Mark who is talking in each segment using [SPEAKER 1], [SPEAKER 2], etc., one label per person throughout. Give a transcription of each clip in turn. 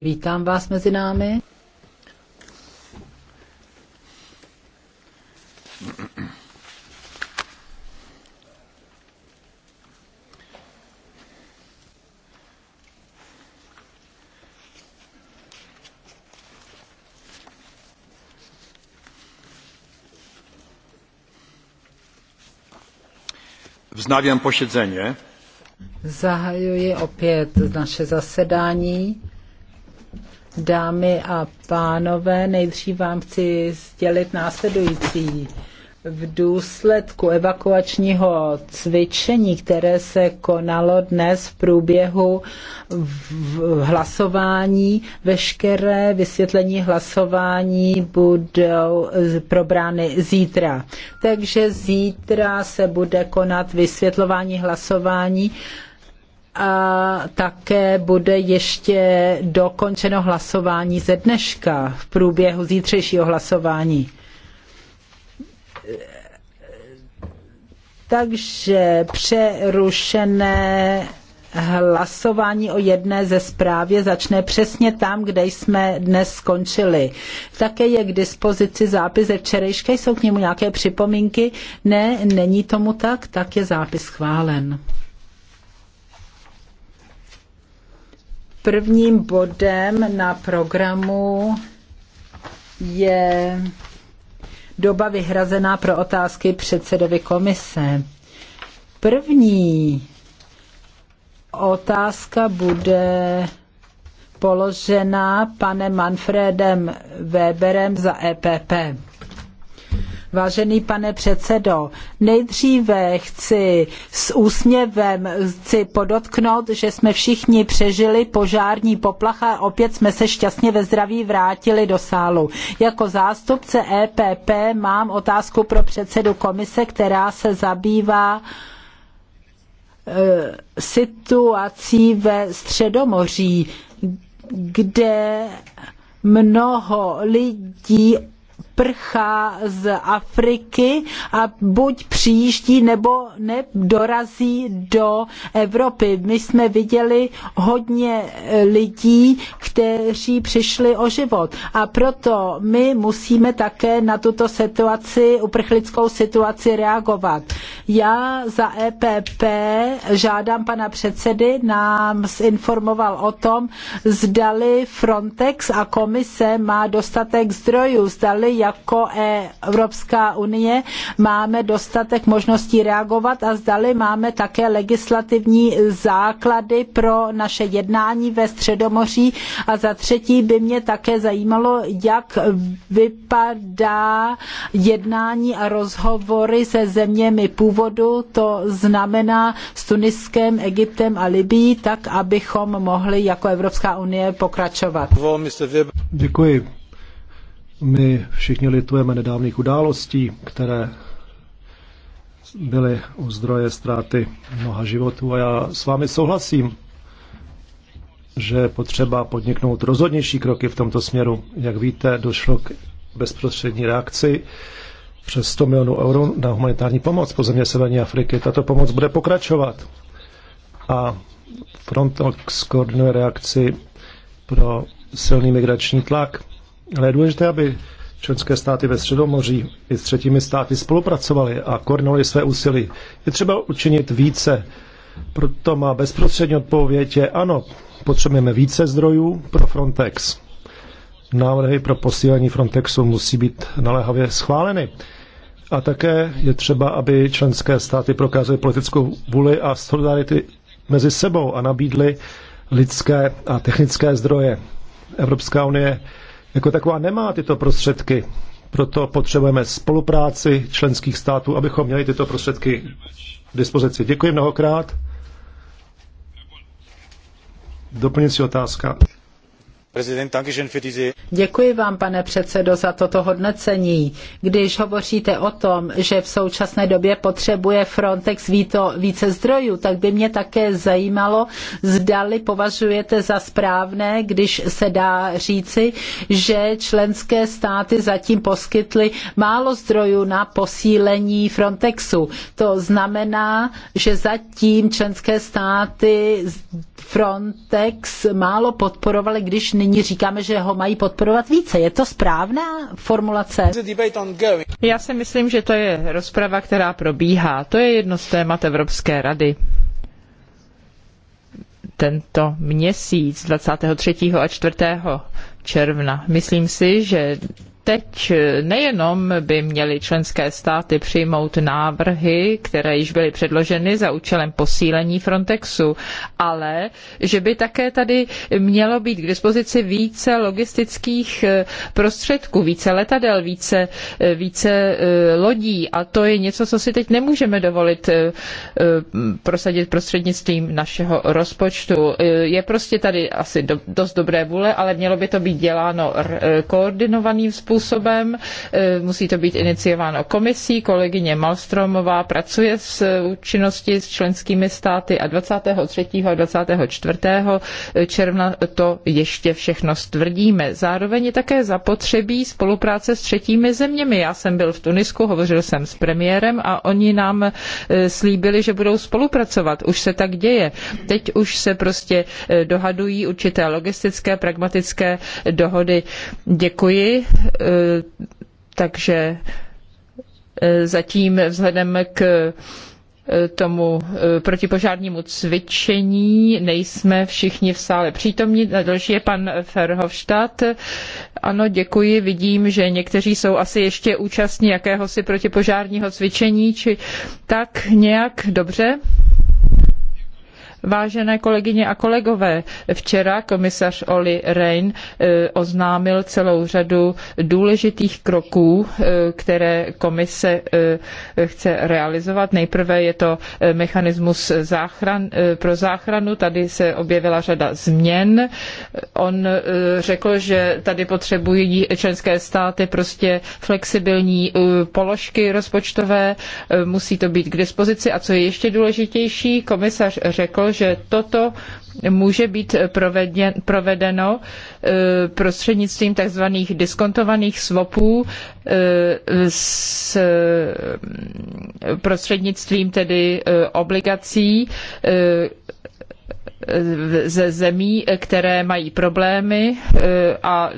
[SPEAKER 1] Vítám vás mezi námi.
[SPEAKER 2] Vznawiam posiedzenie.
[SPEAKER 1] Zahajuji opět naše zasedání. Dámy a pánové, nejdřív vám chci sdělit následující. V důsledku evakuačního cvičení, které se konalo dnes v průběhu v hlasování, veškeré vysvětlení hlasování budou probrány zítra. Takže zítra se bude konat vysvětlování hlasování a také bude ještě dokončeno hlasování ze dneška v průběhu zítřejšího hlasování. Takže přerušené hlasování o jedné ze zprávě začne přesně tam, kde jsme dnes skončili. Také je k dispozici zápis ze včerejška, jsou k němu nějaké připomínky? Ne, není tomu tak, tak je zápis schválen. Prvním bodem na programu je doba vyhrazená pro otázky předsedovi komise. První otázka bude položena panem Manfredem Weberem za EPP. Vážený pane předsedo, nejdříve chci s úsměvem chci podotknout, že jsme všichni přežili požární poplach a opět jsme se šťastně ve zdraví vrátili do sálu. Jako zástupce EPP mám otázku pro předsedu komise, která se zabývá eh, situací ve Středomoří, kde mnoho lidí prchá z Afriky a buď přijíždí nebo nedorazí do Evropy. My jsme viděli hodně lidí, kteří přišli o život. A proto my musíme také na tuto situaci, uprchlickou situaci reagovat. Já za EPP žádám pana předsedy, nám zinformoval o tom, zdali Frontex a komise má dostatek zdrojů, zdali jako e, Evropská unie máme dostatek možností reagovat a zdali máme také legislativní základy pro naše jednání ve Středomoří. A za třetí by mě také zajímalo, jak vypadá jednání a rozhovory se zeměmi původu, to znamená s Tuniskem, Egyptem a Libií, tak abychom mohli jako Evropská unie pokračovat.
[SPEAKER 2] Děkuji. My všichni litujeme nedávných událostí, které byly u zdroje ztráty mnoha životů a já s vámi souhlasím, že je potřeba podniknout rozhodnější kroky v tomto směru. Jak víte, došlo k bezprostřední reakci přes 100 milionů euro na humanitární pomoc po země Severní Afriky. Tato pomoc bude pokračovat. A Frontex koordinuje reakci pro silný migrační tlak ale je důležité, aby členské státy ve Středomoří i s třetími státy spolupracovaly a koordinovaly své úsilí. Je třeba učinit více. Proto má bezprostřední odpověď je ano, potřebujeme více zdrojů pro Frontex. Návrhy pro posílení Frontexu musí být naléhavě schváleny. A také je třeba, aby členské státy prokázaly politickou vůli a solidarity mezi sebou a nabídly lidské a technické zdroje. Evropská unie jako taková nemá tyto prostředky. Proto potřebujeme spolupráci členských států, abychom měli tyto prostředky k dispozici. Děkuji mnohokrát.
[SPEAKER 1] Doplňující otázka. Děkuji vám, pane předsedo, za toto hodnocení. Když hovoříte o tom, že v současné době potřebuje Frontex více zdrojů, tak by mě také zajímalo, zdali považujete za správné, když se dá říci, že členské státy zatím poskytly málo zdrojů na posílení Frontexu. To znamená, že zatím členské státy Frontex málo podporovali, když nyní říkáme, že ho mají podporovat více. Je to správná formulace?
[SPEAKER 3] Já si myslím, že to je rozprava, která probíhá. To je jedno z témat Evropské rady tento měsíc 23. a 4. června. Myslím si, že teď eh, nejenom by měly členské státy přijmout návrhy, které již byly předloženy za účelem posílení Frontexu, ale že by také tady mělo být k dispozici více logistických eh, prostředků, více letadel, více, eh, více lodí a to je něco, co si teď nemůžeme dovolit prosadit prostřednictvím našeho rozpočtu. Je prostě tady asi dost dobré vůle, ale mělo by to být děláno koordinovaným způsobem způsobem. E, musí to být iniciováno komisí. Kolegyně Malstromová pracuje s účinnosti s členskými státy a 23. a 24. června to ještě všechno stvrdíme. Zároveň je také zapotřebí spolupráce s třetími zeměmi. Já jsem byl v Tunisku, hovořil jsem s premiérem a oni nám e, slíbili, že budou spolupracovat. Už se tak děje. Teď už se prostě e, dohadují určité logistické, pragmatické dohody. Děkuji Eh, takže eh, zatím vzhledem k eh, tomu protipožárnímu cvičení. Nejsme všichni v sále přítomní. Další je pan Ferhofstadt. Ano, děkuji. Vidím, že někteří jsou asi ještě účastní jakéhosi protipožárního cvičení, či tak nějak dobře. Vážené kolegyně a kolegové, včera komisař Oli Rehn eh, oznámil celou řadu důležitých kroků, eh, které komise eh, chce realizovat. Nejprve je to mechanismus záchran, pro záchranu. Tady se objevila řada změn. On řekl, že tady potřebují členské státy prostě flexibilní položky rozpočtové, musí to být k dispozici. A co je ještě důležitější, komisař řekl, že toto může být provedeno e, prostřednictvím tzv. diskontovaných swapů e, s e, prostřednictvím tedy obligací ze zemí, které mají problémy eh, a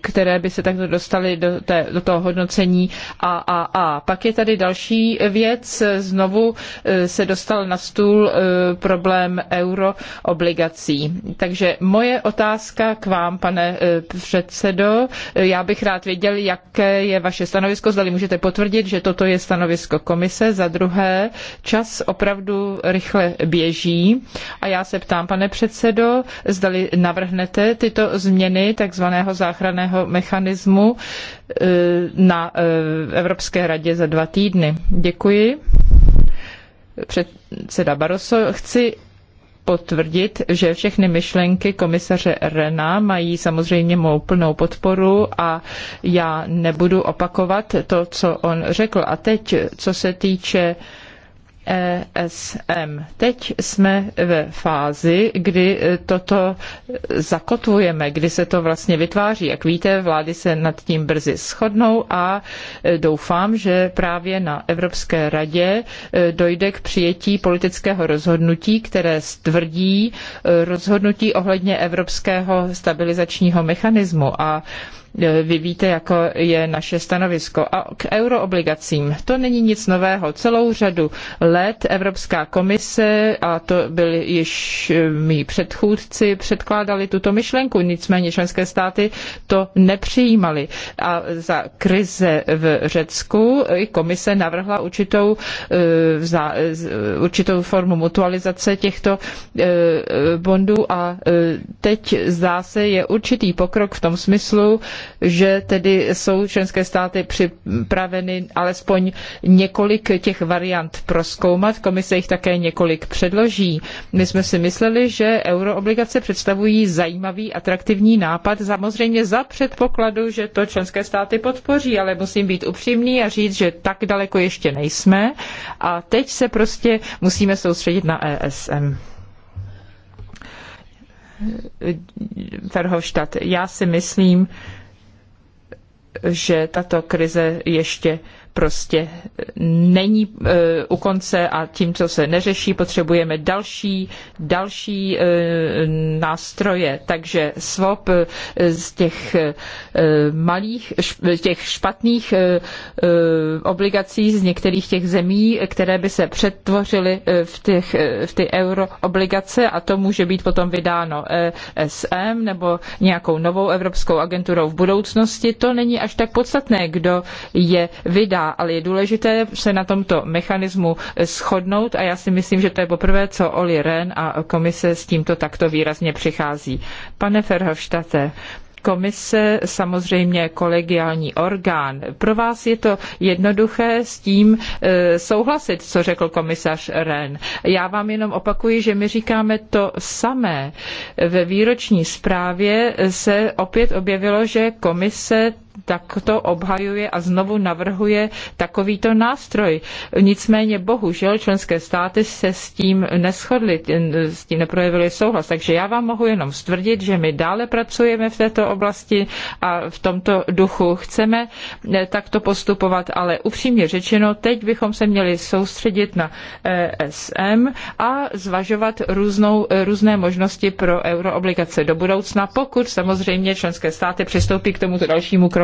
[SPEAKER 3] které by se takto dostaly do, té, do toho hodnocení AAA. Pak je tady další věc. Znovu eh, se dostal na stůl eh, problém euroobligací. Takže moje otázka k vám, pane předsedo. Já bych rád věděl, jaké je vaše stanovisko. Zdali můžete potvrdit, že toto je stanovisko komise. Za druhé, čas opravdu rychle běží a já se se ptám, pane předsedo, zdali navrhnete tyto změny takzvaného záchranného mechanismu e, na e, Evropské radě za dva týdny. Děkuji. Předseda Barroso, chci potvrdit, že všechny myšlenky komisaře Rena mají samozřejmě mou plnou podporu a já nebudu opakovat to, co on řekl. A teď, co se týče uh, ESM. Teď jsme ve fázi, kdy e, toto zakotvujeme, kdy se to vlastně vytváří. Jak víte, vlády se nad tím brzy shodnou a e, doufám, že právě na Evropské radě e, dojde k přijetí politického rozhodnutí, které stvrdí rozhodnutí ohledně Evropského stabilizačního mechanismu. A E, vy víte, jako je naše stanovisko. A k euroobligacím. To není nic nového. Celou řadu let Evropská komise, a to byli již e, mý předchůdci, předkládali tuto myšlenku. Nicméně členské státy to nepřijímaly. A za krize v Řecku i komise navrhla určitou, e, určitou formu mutualizace těchto bondů a teď zdá se je určitý pokrok v tom smyslu, že tedy jsou členské státy připraveny alespoň několik těch variant prozkoumat. Komise jich také několik předloží. My jsme si mysleli, že euroobligace představují zajímavý, atraktivní nápad, samozřejmě za předpokladu, že to členské státy podpoří, ale musím být upřímný a říct, že tak daleko ještě nejsme a teď se prostě musíme soustředit na ESM. Verhofstadt. Já si myslím, že tato krize ještě prostě není e, u konce a tím, co se neřeší, potřebujeme další, další e, nástroje. Takže swap e, z těch malých, těch špatných obligací z některých těch zemí, které by se přetvořily v, těch, v ty euroobligace a to může být potom vydáno ESM nebo nějakou novou Evropskou agenturou v budoucnosti, to není až tak podstatné, kdo je vydá ale je důležité se na tomto mechanismu eh, shodnout a já si myslím, že to je poprvé, co Oli Ren a komise s tímto takto výrazně přichází. Pane Ferhofštate, komise samozřejmě kolegiální orgán. Pro vás je to jednoduché s tím eh, souhlasit, co řekl komisař Ren. Já vám jenom opakuji, že my říkáme to samé. Ve výroční zprávě se opět objevilo, že komise takto obhajuje a znovu navrhuje takovýto nástroj. Nicméně bohužel členské státy se s tím neschodly, s tím neprojevily souhlas. Takže já vám mohu jenom stvrdit, že my dále pracujeme v této oblasti a v tomto duchu chceme eh, takto postupovat, ale upřímně řečeno, teď bychom se měli soustředit na ESM eh, a zvažovat různou, eh, různé možnosti pro euroobligace do budoucna, pokud samozřejmě členské státy přistoupí k tomuto dalšímu kroku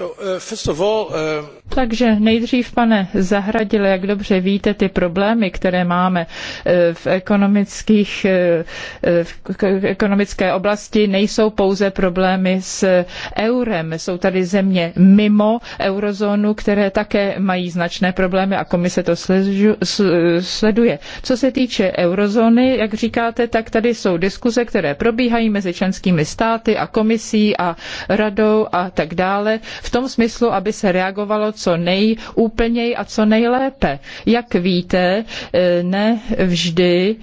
[SPEAKER 3] Uh, uh, Takže nejdřív, pane Zahradil, jak dobře víte, ty problémy, které máme uh, v, ekonomických, v ekonomické oblasti, nejsou pouze problémy s eurem. Jsou tady země mimo eurozónu, které také mají značné problémy a komise to sleduje. Co se týče eurozóny, jak říkáte, tak tady jsou diskuze, které probíhají mezi členskými státy a komisí a radou a tak dále v tom smyslu, aby se reagovalo co nejúplněji a co nejlépe. Jak víte, eh, ne vždy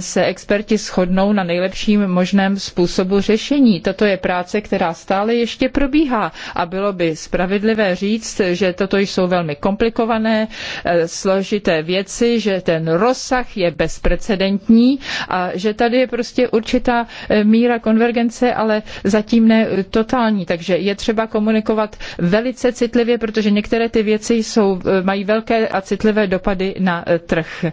[SPEAKER 3] se experti shodnou na nejlepším možném způsobu řešení. Toto je práce, která stále ještě probíhá a bylo by spravedlivé říct, že toto jsou velmi komplikované, eh, složité věci, že ten rozsah je bezprecedentní a že tady je prostě určitá eh, míra konvergence, ale zatím ne eh, totální. Takže je třeba komunikovat velice citlivě, protože některé ty věci jsou, mají velké a citlivé dopady na trh.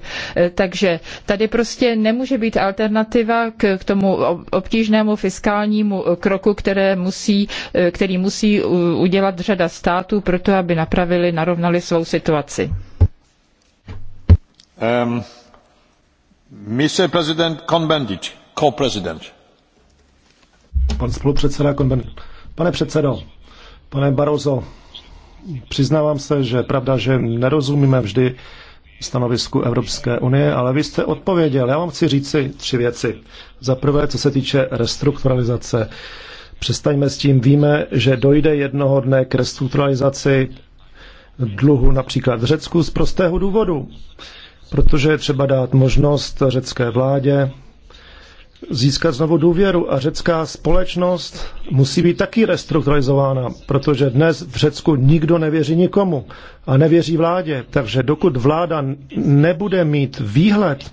[SPEAKER 3] Takže tady prostě nemůže být alternativa k, tomu obtížnému fiskálnímu eh, kroku, které musí, eh, který musí udělat řada států proto, aby napravili, narovnali svou situaci.
[SPEAKER 4] Um, Mr. President Convendit, co-president.
[SPEAKER 2] Pan spolupředseda Convendit. Pane předsedo, pane Barozo, přiznávám se, že pravda, že nerozumíme vždy stanovisku Evropské unie, ale vy jste odpověděl. Já vám chci říci tři věci. Za prvé, co se týče restrukturalizace. Přestaňme s tím, víme, že dojde jednoho dne k restrukturalizaci dluhu například v Řecku z prostého důvodu, protože je třeba dát možnost řecké vládě získat znovu důvěru a řecká společnost musí být taky restrukturalizována, protože dnes v Řecku nikdo nevěří nikomu a nevěří vládě. Takže dokud vláda nebude mít výhled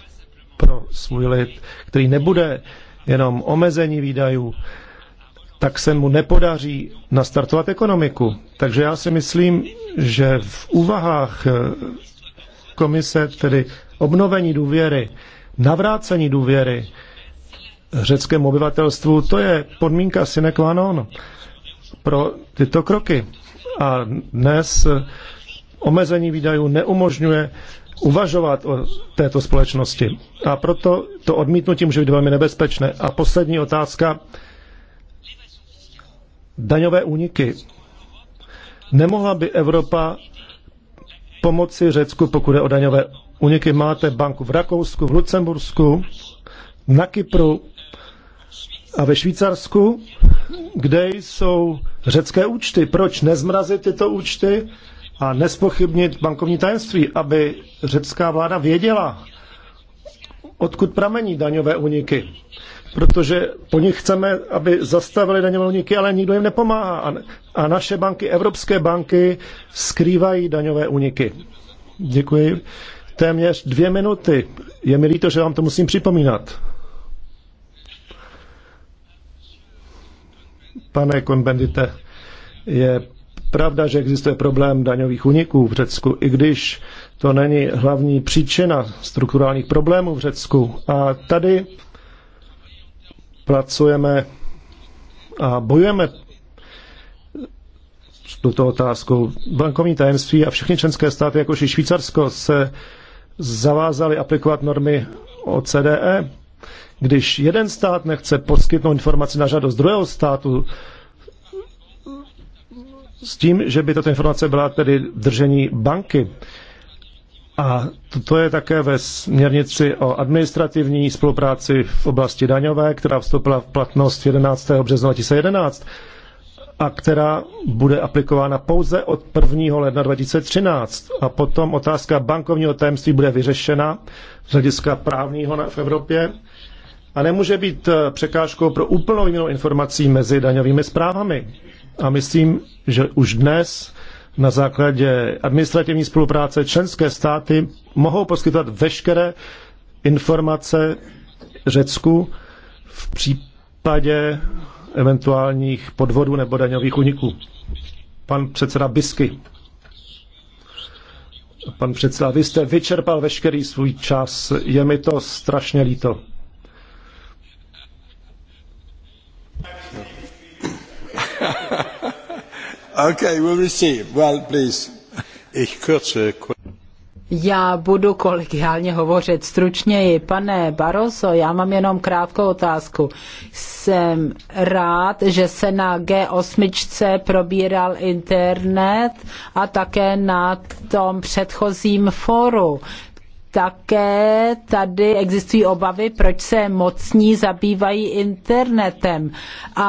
[SPEAKER 2] pro svůj lid, který nebude jenom omezení výdajů, tak se mu nepodaří nastartovat ekonomiku. Takže já si myslím, že v úvahách eh, komise, tedy obnovení důvěry, navrácení důvěry, řeckému obyvatelstvu, to je podmínka sine qua non pro tyto kroky. A dnes omezení výdajů neumožňuje uvažovat o této společnosti. A proto to odmítnutí může být velmi nebezpečné. A poslední otázka. Daňové úniky. Nemohla by Evropa pomoci Řecku, pokud je o daňové úniky? Máte banku v Rakousku, v Lucembursku, na Kypru, a ve Švýcarsku, kde jsou řecké účty. Proč nezmrazit tyto účty a nespochybnit bankovní tajemství, aby řecká vláda věděla, odkud pramení daňové úniky. Protože po nich chceme, aby zastavili daňové úniky, ale nikdo jim nepomáhá. A naše banky, evropské banky, skrývají daňové úniky. Děkuji. Téměř dvě minuty. Je mi líto, že vám to musím připomínat. Pane Konbendite, je pravda, že existuje problém daňových uniků v Řecku, i když to není hlavní příčina strukturálních problémů v Řecku. A tady pracujeme a bojujeme s tuto otázkou. Bankovní tajemství a všechny členské státy, jakož i Švýcarsko, se zavázali aplikovat normy OCDE když jeden stát nechce poskytnout informaci na žádost druhého státu, s tím, že by tato informace byla tedy držení banky. A to je také ve směrnici o administrativní spolupráci v oblasti daňové, která vstoupila v platnost 11. března 2011 a která bude aplikována pouze od 1. ledna 2013. A potom otázka bankovního tajemství bude vyřešena z hlediska právního v Evropě a nemůže být eh, překážkou pro úplnou výměnu informací mezi daňovými zprávami. A myslím, že už dnes na základě administrativní spolupráce členské státy mohou poskytovat veškeré informace Řecku v případě eventuálních podvodů nebo daňových uniků. Pan předseda Bisky. Pan předseda, vy jste vyčerpal veškerý svůj čas. Je mi to strašně líto.
[SPEAKER 1] Já budu kolegiálně hovořit stručněji. Pane Barroso, já mám jenom krátkou otázku. Jsem rád, že se na G8 probíral internet a také na tom předchozím fóru také tady existují obavy, proč se mocní zabývají internetem. A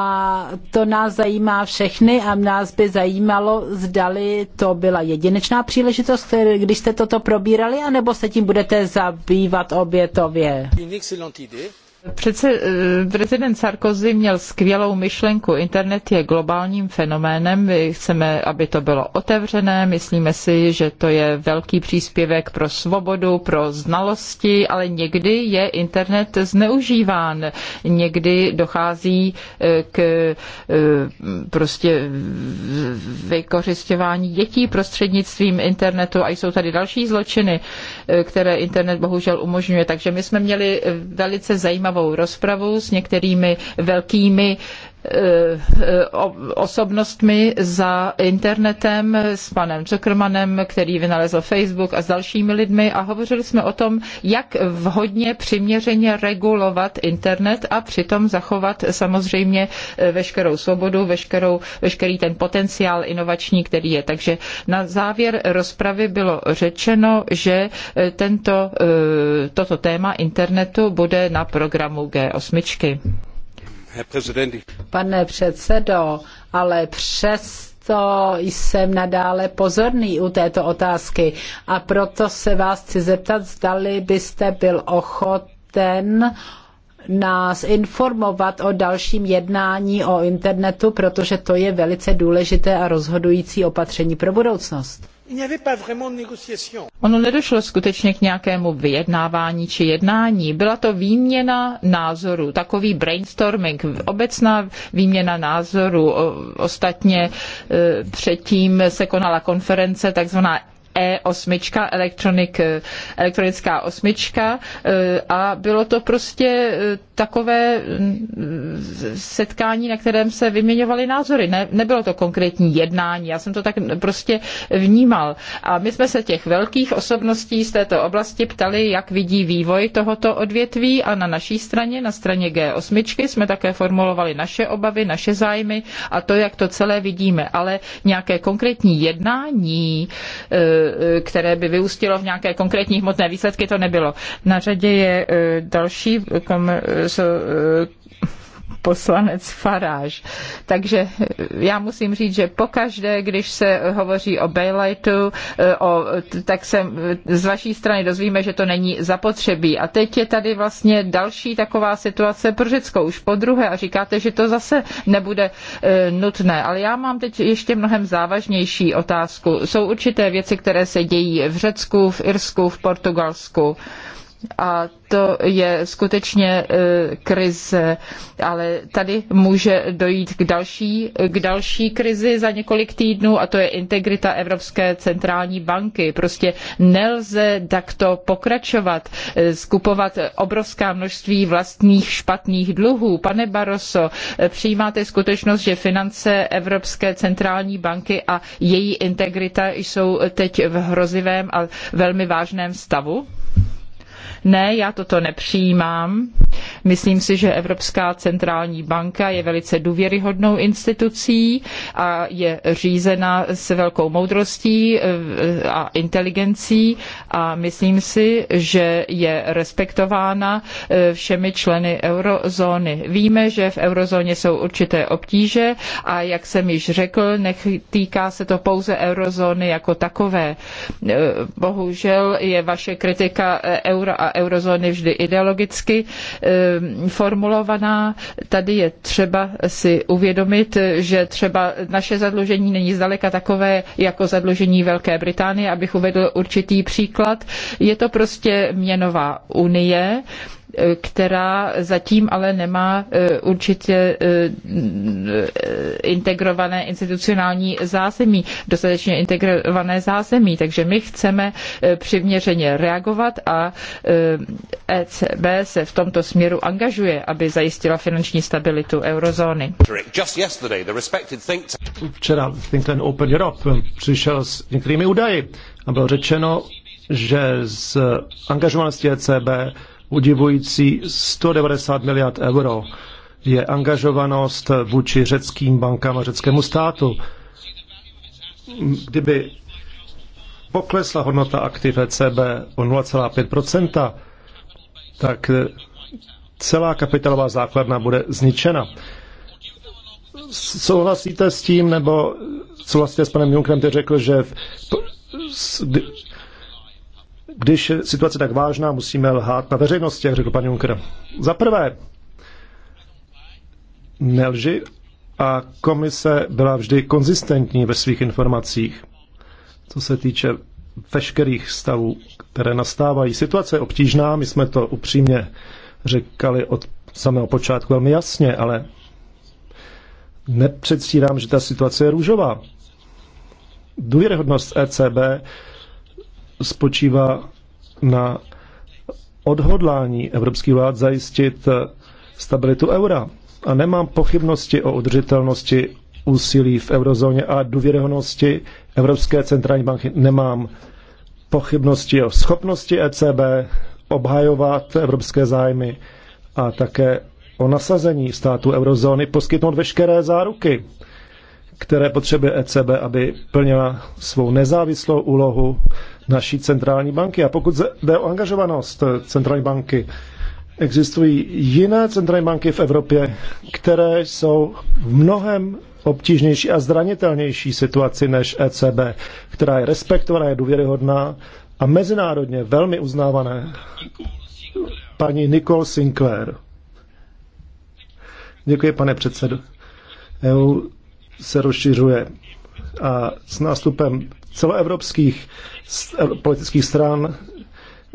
[SPEAKER 1] to nás zajímá všechny a nás by zajímalo, zdali to byla jedinečná příležitost, když jste toto
[SPEAKER 3] probírali, anebo se tím budete zabývat obětově. Přece, eh, prezident Sarkozy měl skvělou myšlenku. Internet je globálním fenoménem. My chceme, aby to bylo otevřené. Myslíme si, že to je velký příspěvek pro svobodu, pro znalosti, ale někdy je internet zneužíván. Někdy dochází eh, k eh, prostě vykořišťování dětí prostřednictvím internetu a jsou tady další zločiny, které internet bohužel umožňuje. Takže my jsme měli velice zajímavou zajímavou rozpravu s některými velkými Eh, eh, osobnostmi za internetem s panem Zuckermanem, který vynalezl Facebook a s dalšími lidmi a hovořili jsme o tom, jak vhodně přiměřeně regulovat internet a přitom zachovat samozřejmě eh, veškerou svobodu, veškerou, veškerý ten potenciál inovační, který je. Takže na závěr rozpravy bylo řečeno, že tento, toto téma internetu bude na programu G8. Pane předsedo,
[SPEAKER 1] ale přes to jsem nadále pozorný u této otázky a proto se vás chci zeptat, zdali byste byl ochoten nás informovat o dalším jednání o internetu, protože to je velice důležité a rozhodující opatření pro budoucnost.
[SPEAKER 3] Ono nedošlo skutečně k nějakému vyjednávání či jednání. Byla to výměna názorů, takový brainstorming, obecná výměna názorů. Ostatně e, předtím se konala konference takzvaná E8, elektronik, eh, elektronická osmička eh, a bylo to prostě eh, takové mm, setkání, na kterém se vyměňovaly názory. Ne, nebylo to konkrétní jednání, já jsem to tak prostě vnímal. A my jsme se těch velkých osobností z této oblasti ptali, jak vidí vývoj tohoto odvětví a na naší straně, na straně G8, jsme také formulovali naše obavy, naše zájmy a to, jak to celé vidíme. Ale nějaké konkrétní jednání, Eh, které by vyústilo v nějaké konkrétní hmotné výsledky, to nebylo. Na řadě je eh, další poslanec Faráž. Takže já musím říct, že pokaždé, když se hovoří o bailoutu, eh, o, tak se eh, z vaší strany dozvíme, že to není zapotřebí. A teď je tady vlastně další taková situace pro Řecko už po druhé a říkáte, že to zase nebude eh, nutné. Ale já mám teď ještě mnohem závažnější otázku. Jsou určité věci, které se dějí v Řecku, v Irsku, v Portugalsku a to je skutečně e, krize, ale tady může dojít k další, k další krizi za několik týdnů a to je integrita Evropské centrální banky. Prostě nelze takto pokračovat, e, skupovat obrovská množství vlastních špatných dluhů. Pane Barroso, e, přijímáte skutečnost, že finance Evropské centrální banky a její integrita jsou teď v hrozivém a velmi vážném stavu? Ne, já toto nepřijímám. Myslím si, že Evropská centrální banka je velice důvěryhodnou institucí a je řízena s velkou moudrostí eh, a inteligencí a myslím si, že je respektována eh, všemi členy eurozóny. Víme, že v eurozóně jsou určité obtíže a jak jsem již řekl, netýká se to pouze eurozóny jako takové. Eh, bohužel je vaše kritika eura a eurozóny vždy ideologicky Ehm, formulovaná. Tady je třeba si uvědomit, že třeba naše zadlužení není zdaleka takové jako zadlužení Velké Británie, abych uvedl určitý příklad. Je to prostě měnová unie, která zatím ale nemá eh, určitě eh, eh, integrované institucionální zázemí, dostatečně integrované zázemí. Takže my chceme přiměřeně reagovat a ECB e se v tomto směru angažuje, aby zajistila finanční stabilitu eurozóny.
[SPEAKER 2] Včera Think Tank Open Europe přišel s některými údaji a bylo řečeno, že z angažovanosti ECB udivující 190 miliard euro je angažovanost vůči řeckým bankám a řeckému státu. Kdyby poklesla hodnota aktiv ECB o 0,5%, tak celá kapitalová základna bude zničena. Souhlasíte s tím, nebo souhlasíte s panem Junkrem, který řekl, že když situace tak vážná, musíme lhát na veřejnosti, jak řekl pan Juncker. Za prvé, nelži a komise byla vždy konzistentní ve svých informacích, co se týče veškerých stavů, které nastávají. Situace je obtížná, my jsme to upřímně říkali od samého počátku velmi jasně, ale nepředstírám, že ta situace je růžová. Důvěryhodnost ECB spočívá na odhodlání evropských vlád zajistit eh, stabilitu eura. A nemám pochybnosti o udržitelnosti úsilí v eurozóně a důvěryhodnosti Evropské centrální banky. Nemám pochybnosti o schopnosti ECB obhajovat evropské zájmy a také o nasazení států eurozóny poskytnout veškeré záruky, které potřebuje ECB, aby plnila svou nezávislou úlohu naší centrální banky. A pokud jde o angažovanost centrální banky, existují jiné centrální banky v Evropě, které jsou v mnohem obtížnější a zranitelnější situaci než ECB, která je respektovaná, je důvěryhodná a mezinárodně velmi uznávané paní Nicole Sinclair. Děkuji, pane předsedo. EU se rozšiřuje a s nástupem celoevropských e, politických stran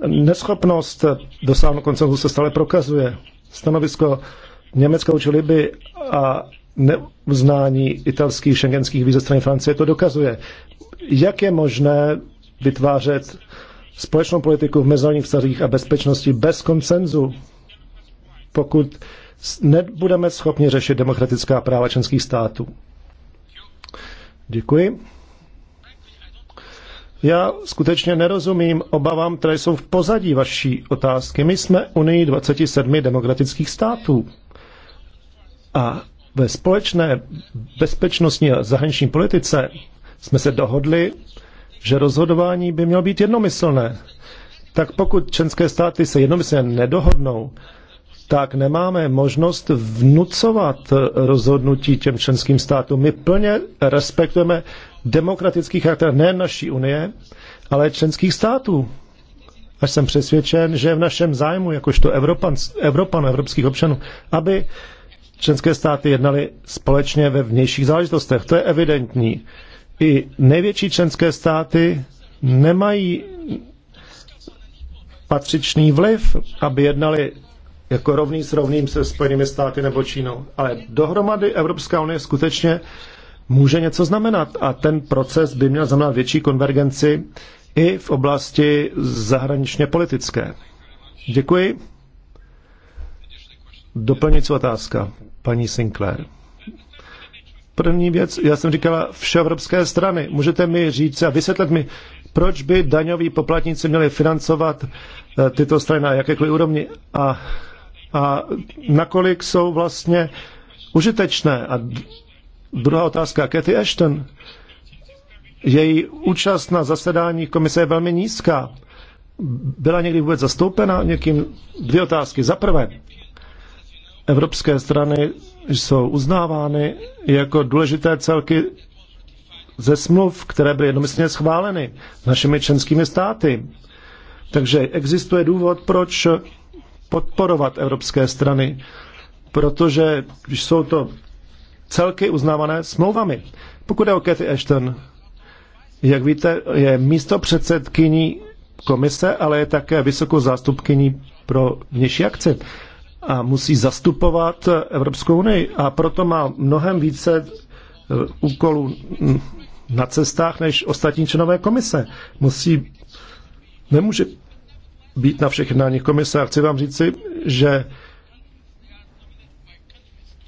[SPEAKER 2] neschopnost dosáhnout koncenzu se stále prokazuje. Stanovisko Německa učili Liby a neuznání italských šengenských víz ze strany Francie to dokazuje. Jak je možné vytvářet společnou politiku v mezinárodních vztazích a bezpečnosti bez koncenzu, pokud nebudeme schopni řešit demokratická práva členských států? Děkuji. Já skutečně nerozumím obavám, které jsou v pozadí vaší otázky. My jsme Unii 27 demokratických států. A ve společné bezpečnostní a zahraniční politice jsme se dohodli, že rozhodování by mělo být jednomyslné. Tak pokud členské státy se jednomyslně nedohodnou, tak nemáme možnost vnucovat rozhodnutí těm členským státům. My plně respektujeme demokratický charakter ne naší unie, ale členských států. Až jsem přesvědčen, že v našem zájmu, jakožto Evropan, Evropan evropských občanů, aby členské státy jednaly společně ve vnějších záležitostech. To je evidentní. I největší členské státy nemají patřičný vliv, aby jednali jako rovný s rovným se Spojenými státy nebo Čínou. Ale dohromady Evropská unie skutečně může něco znamenat a ten proces by měl znamenat větší konvergenci i v oblasti zahraničně politické. Děkuji. Doplňující otázka, paní Sinclair. První věc, já jsem říkala všeevropské strany. Můžete mi říct a vysvětlit mi, proč by daňoví poplatníci měli financovat eh, tyto strany na jakékoliv úrovni. A a nakolik jsou vlastně užitečné. A druhá otázka, Kathy Ashton. Její účast na zasedání komise je velmi nízká. Byla někdy vůbec zastoupena někým? Dvě otázky. Za prvé, evropské strany jsou uznávány jako důležité celky ze smluv, které byly jednomyslně schváleny našimi členskými státy. Takže existuje důvod, proč podporovat evropské strany, protože jsou to celky uznávané smlouvami. Pokud je o Cathy Ashton, jak víte, je místo předsedkyní komise, ale je také vysokou zástupkyní pro vnější akci a musí zastupovat Evropskou unii a proto má mnohem více eh, úkolů na cestách než ostatní členové komise. Musí, nemůže být na všech jednáních komise. A chci vám říci, že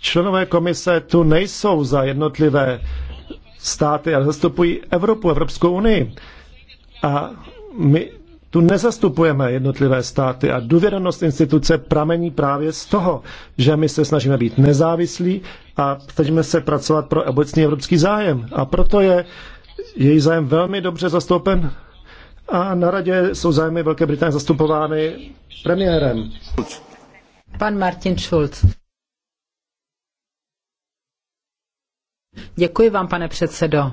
[SPEAKER 2] členové komise tu nejsou za jednotlivé státy, ale zastupují Evropu, Evropskou unii. A my tu nezastupujeme jednotlivé státy a důvěrnost instituce pramení právě z toho, že my se snažíme být nezávislí a snažíme se pracovat pro obecný evropský zájem. A proto je její zájem velmi dobře zastoupen a na radě jsou zájmy Velké Británie zastupovány premiérem.
[SPEAKER 1] Pan Martin Schulz. Děkuji vám, pane předsedo.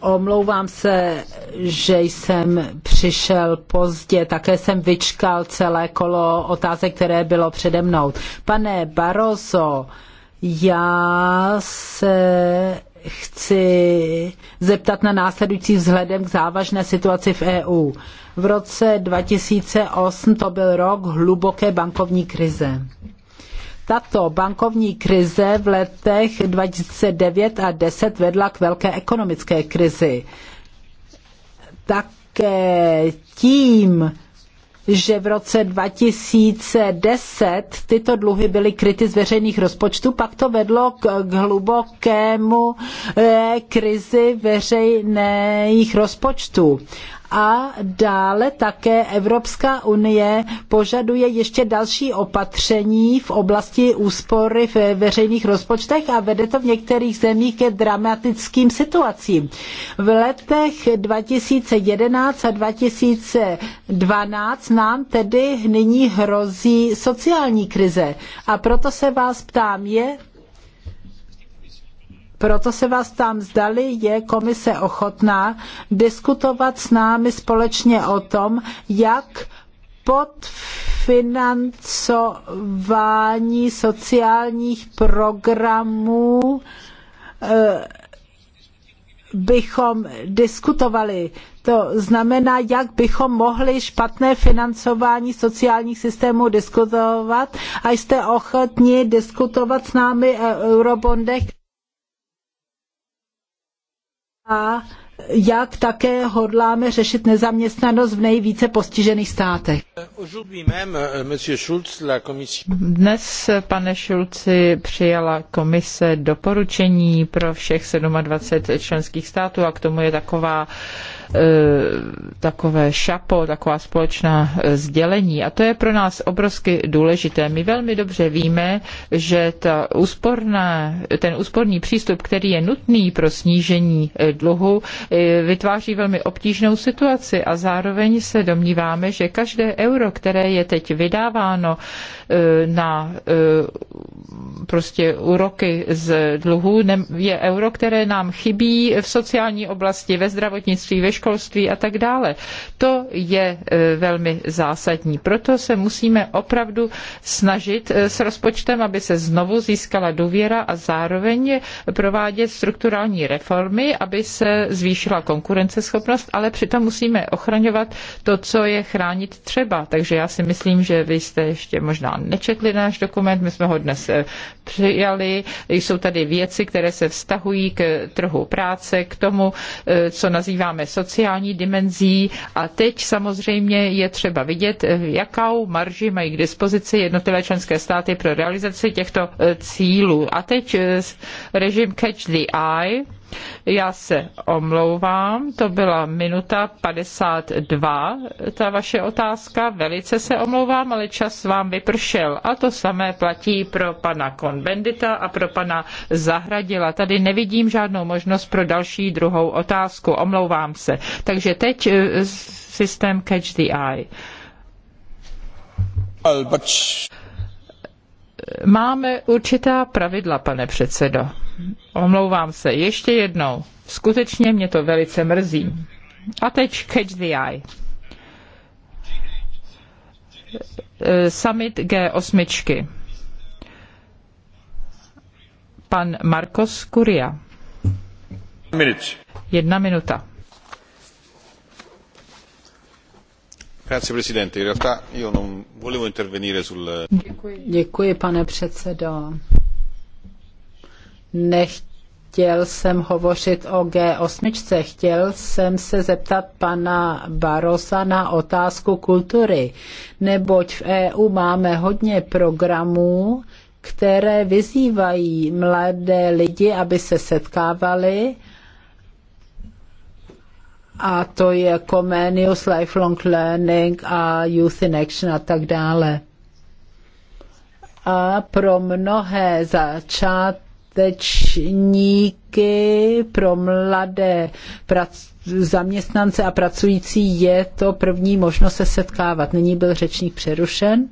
[SPEAKER 1] Omlouvám se, že jsem přišel pozdě. Také jsem vyčkal celé kolo otázek, které bylo přede mnou. Pane Barozo, já se chci zeptat na následující vzhledem k závažné situaci v EU. V roce 2008 to byl rok hluboké bankovní krize. Tato bankovní krize v letech 2009 a 10 vedla k velké ekonomické krizi. Také tím že v roce 2010 tyto dluhy byly kryty z veřejných rozpočtů, pak to vedlo k, hlubokému eh, krizi veřejných rozpočtů a dále také Evropská unie požaduje ještě další opatření v oblasti úspory ve veřejných rozpočtech a vede to v některých zemích ke dramatickým situacím. V letech 2011 a 2012 nám tedy nyní hrozí sociální krize a proto se vás ptám, je proto se vás tam zdali je komise ochotná diskutovat s námi společně o tom, jak podfinancování sociálních programů eh, bychom diskutovali. To znamená, jak bychom mohli špatné financování sociálních systémů diskutovat a jste ochotni diskutovat s námi o eurobondech a jak také hodláme řešit
[SPEAKER 3] nezaměstnanost v nejvíce postižených státech.
[SPEAKER 4] Euh,
[SPEAKER 3] Dnes, pane Šulci, přijala komise doporučení pro všech 27 členských států a k tomu je taková Eh, takové šapo, taková společná eh, sdělení. A to je pro nás obrovsky důležité. My velmi dobře víme, že ta úsporná, ten úsporný přístup, který je nutný pro snížení eh, dluhu, vytváří velmi obtížnou situaci a zároveň se domníváme, že každé euro, které je teď vydáváno na prostě úroky z dluhu, je euro, které nám chybí v sociální oblasti, ve zdravotnictví, ve školství, školství a tak dále. To je e, velmi zásadní. Proto se musíme opravdu snažit e, s rozpočtem, aby se znovu získala důvěra a zároveň provádět strukturální reformy, aby se zvýšila konkurenceschopnost, ale přitom musíme ochraňovat to, co je chránit třeba. Takže já si myslím, že vy jste ještě možná nečetli náš dokument, my jsme ho dnes e, přijali. Jsou tady věci, které se vztahují k trhu práce, k tomu, co nazýváme sociální sociální dimenzí a teď samozřejmě je třeba vidět, eh, jakou marži mají k dispozici jednotlivé členské státy pro realizaci těchto eh, cílů. A teď eh, režim Catch the Eye já se omlouvám, to byla minuta 52, ta vaše otázka. Velice se omlouvám, ale čas vám vypršel. A to samé platí pro pana Konbendita a pro pana Zahradila. Tady nevidím žádnou možnost pro další druhou otázku. Omlouvám se. Takže teď eh, systém Catch the Eye. Albač máme určitá pravidla, pane předsedo. Omlouvám se ještě jednou. Skutečně mě to velice mrzí. A teď catch the eye. Summit G8. Pan Marcos Curia. Jedna minuta.
[SPEAKER 4] Grazie Presidente, in realtà io non volevo
[SPEAKER 1] Děkuji, pane předsedo. Nechtěl jsem hovořit o G8, chtěl jsem se zeptat pana Barosa na otázku kultury, neboť v EU máme hodně programů, které vyzývají mladé lidi, aby se setkávali a to je Comenius, Lifelong Learning a Youth in Action a tak dále. A pro mnohé začátečníky, pro mladé prac, zaměstnance a pracující je to první možnost se setkávat. Nyní byl řečník přerušen.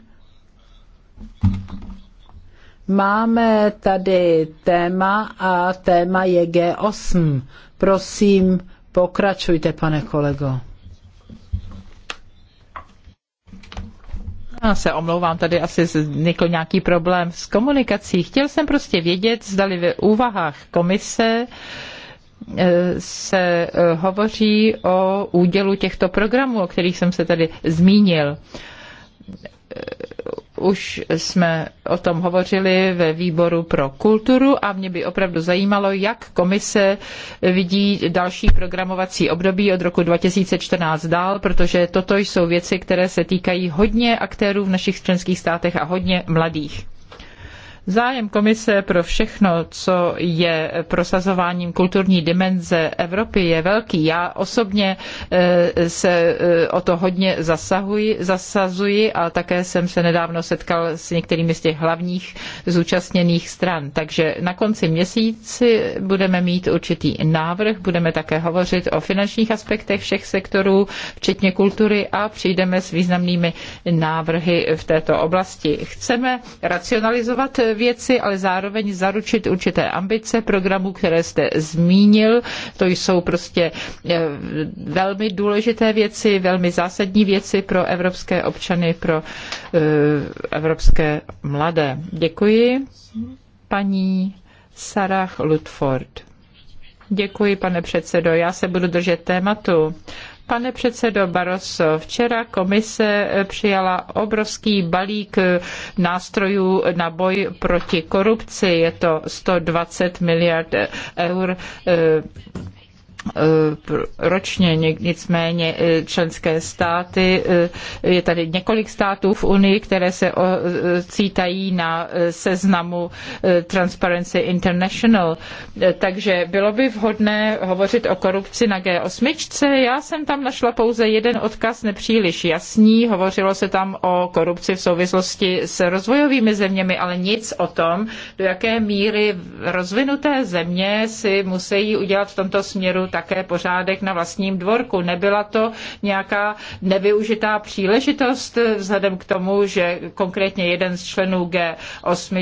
[SPEAKER 1] Máme tady téma a téma je G8. Prosím, Pokračujte, pane kolego.
[SPEAKER 3] Já se omlouvám, tady asi vznikl nějaký problém s komunikací. Chtěl jsem prostě vědět, zdali ve úvahách komise eh, se eh, hovoří o údělu těchto programů, o kterých jsem se tady zmínil eh, už jsme o tom hovořili ve výboru pro kulturu a mě by opravdu zajímalo, jak komise vidí další programovací období od roku 2014 dál, protože toto jsou věci, které se týkají hodně aktérů v našich členských státech a hodně mladých. Zájem komise pro všechno, co je prosazováním kulturní dimenze Evropy, je velký. Já osobně eh, se eh, o to hodně zasahuji, zasazuji a také jsem se nedávno setkal s některými z těch hlavních zúčastněných stran. Takže na konci měsíci budeme mít určitý návrh, budeme také hovořit o finančních aspektech všech sektorů, včetně kultury a přijdeme s významnými návrhy v této oblasti. Chceme racionalizovat eh, věci, ale zároveň zaručit určité ambice programů, které jste zmínil. To jsou prostě eh, velmi důležité věci, velmi zásadní věci pro evropské občany, pro eh, evropské mladé. Děkuji paní Sarah Ludford. Děkuji, pane předsedo. Já se budu držet tématu Pane předsedo Barroso, včera komise přijala obrovský balík nástrojů na boj proti korupci. Je to 120 miliard eur eh, Eh, ročně, nicméně eh, členské státy, eh, je tady několik států v Unii, které se cítají na seznamu Transparency International, takže bylo by vhodné hovořit o korupci na G8. Já jsem tam našla pouze jeden odkaz nepříliš jasný, hovořilo se tam o korupci v souvislosti s rozvojovými zeměmi, ale nic o tom, do jaké míry rozvinuté země si musí udělat v tomto směru také pořádek na vlastním dvorku. Nebyla to nějaká nevyužitá příležitost vzhledem k tomu, že konkrétně jeden z členů G8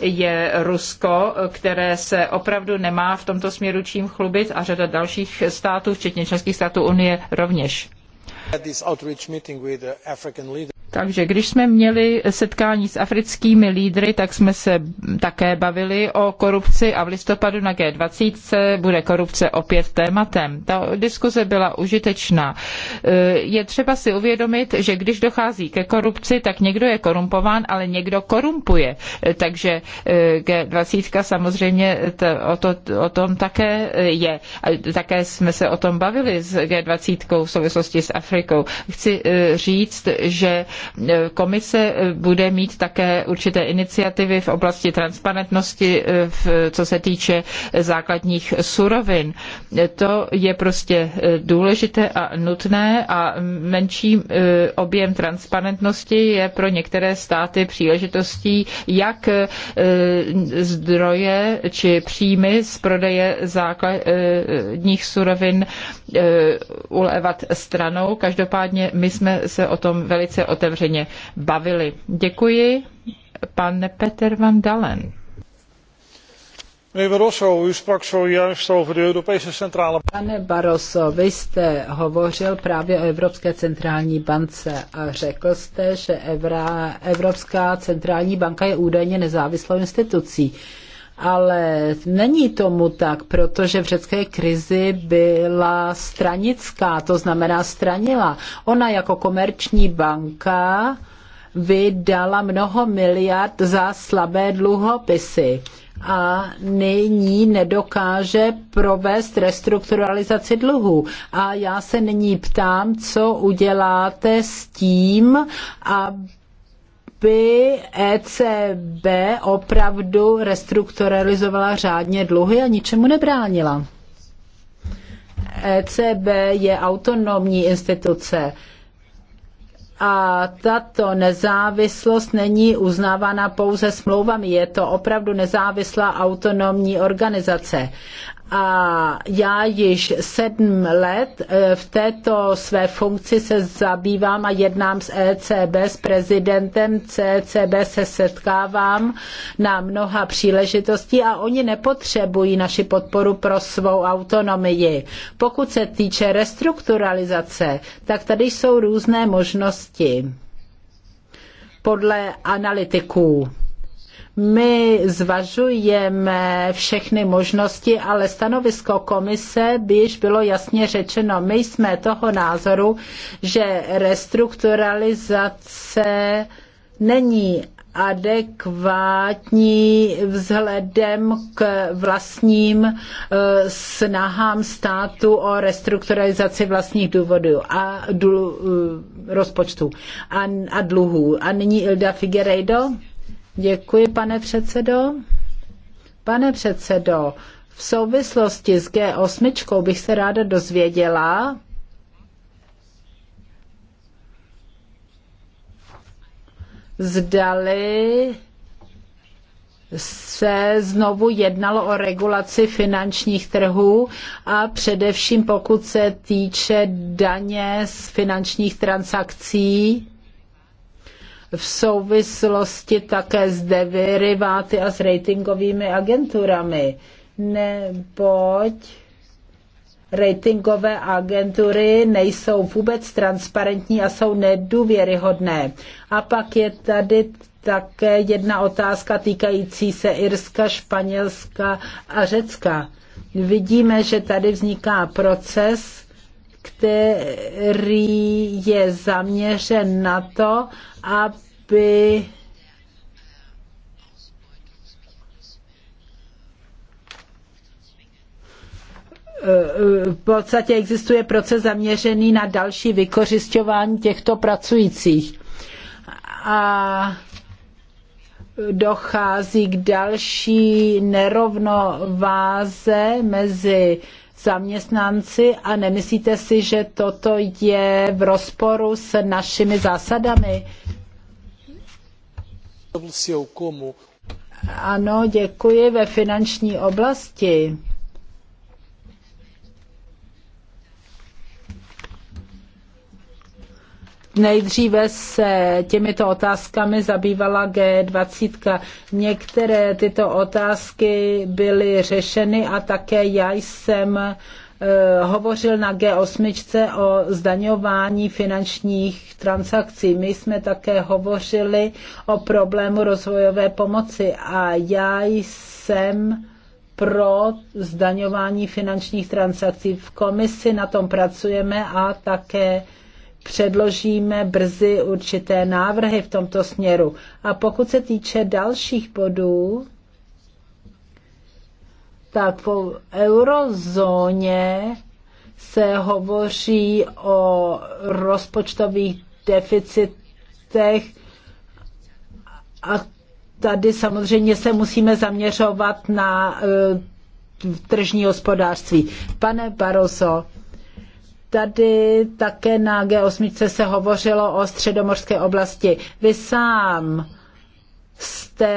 [SPEAKER 3] je Rusko, které se opravdu nemá v tomto směru čím chlubit a řada dalších států, včetně členských států Unie rovněž.
[SPEAKER 2] Uh,
[SPEAKER 3] takže když jsme měli setkání s africkými lídry, tak jsme se také bavili o korupci a v listopadu na G20 bude korupce opět tématem. Ta diskuze byla užitečná. Eh, je třeba si uvědomit, že když dochází ke korupci, tak někdo je korumpován, ale někdo korumpuje. Eh, takže eh, G20 samozřejmě o, to, o tom také je. Také jsme se o tom bavili s G20 v souvislosti s Afrikou Afrikou. Chci eh, říct, že eh, komise eh, bude mít také určité iniciativy v oblasti transparentnosti, v co se týče základních surovin. To je prostě důležité a nutné a menší objem transparentnosti je pro některé státy příležitostí, jak zdroje či příjmy z prodeje základních surovin ulevat stranou. Každý Každopádně my jsme se o tom velice otevřeně bavili. Děkuji, pane Peter van Dalen.
[SPEAKER 1] Pane Barroso, vy jste hovořil právě o Evropské centrální bance a řekl jste, že Evropská centrální banka je údajně nezávislou institucí ale není tomu tak, protože v řecké krizi byla stranická, to znamená stranila. Ona jako komerční banka vydala mnoho miliard za slabé dluhopisy a nyní nedokáže provést restrukturalizaci dluhu. A já se nyní ptám, co uděláte s tím, aby by ECB opravdu restrukturalizovala řádně dluhy a ničemu nebránila. ECB je autonomní instituce a tato nezávislost není uznávána pouze smlouvami, je to opravdu nezávislá autonomní organizace a já již sedm let eh, v této své funkci se zabývám a jednám s ECB, s prezidentem ECB se setkávám na mnoha příležitostí a oni nepotřebují naši podporu pro svou autonomii. Pokud se týče restrukturalizace, tak tady jsou různé možnosti podle analytiků my zvažujeme všechny možnosti, ale stanovisko komise by již bylo jasně řečeno. My jsme toho názoru, že restrukturalizace není adekvátní vzhledem k vlastním eh, snahám státu o restrukturalizaci vlastních důvodů a dlu, eh, rozpočtu a, a dluhů. A nyní Ilda Figueiredo. Děkuji, pane předsedo. Pane předsedo, v souvislosti s G8 bych se ráda dozvěděla, zdali se znovu jednalo o regulaci finančních trhů a především pokud se týče daně z finančních transakcí v souvislosti také s deriváty a s ratingovými agenturami, neboť ratingové agentury nejsou vůbec transparentní a jsou nedůvěryhodné. A pak je tady také jedna otázka týkající se Irska, Španělska a Řecka. Vidíme, že tady vzniká proces, který je zaměřen na to, aby v podstatě existuje proces zaměřený na další vykořišťování těchto pracujících. A dochází k další nerovnováze mezi zaměstnanci a nemyslíte si, že toto je v rozporu s našimi zásadami? Ano, děkuji ve finanční oblasti. Nejdříve se těmito otázkami zabývala G20. Některé tyto otázky byly řešeny a také já jsem eh, hovořil na G8 o zdaňování finančních transakcí. My jsme také hovořili o problému rozvojové pomoci a já jsem pro zdaňování finančních transakcí. V komisi na tom pracujeme a také předložíme brzy určité návrhy v tomto směru. A pokud se týče dalších bodů, tak v eurozóně se hovoří o rozpočtových deficitech a tady samozřejmě se musíme zaměřovat na eh, tržní hospodářství. Pane Barroso. Tady také na G8 se hovořilo o středomorské oblasti. Vy sám jste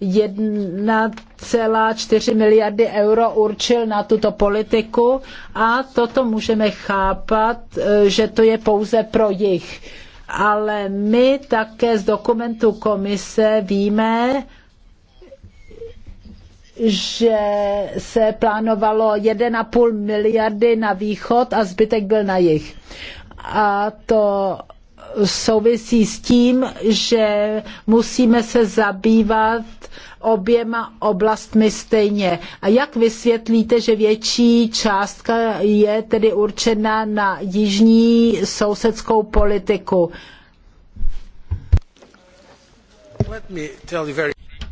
[SPEAKER 1] 1,4 miliardy euro určil na tuto politiku a toto můžeme chápat, že to je pouze pro jich. Ale my také z dokumentu komise víme, že se plánovalo 1,5 miliardy na východ a zbytek byl na jich A to souvisí s tím, že musíme se zabývat oběma oblastmi stejně. A jak vysvětlíte, že větší částka je tedy určena na jižní sousedskou politiku?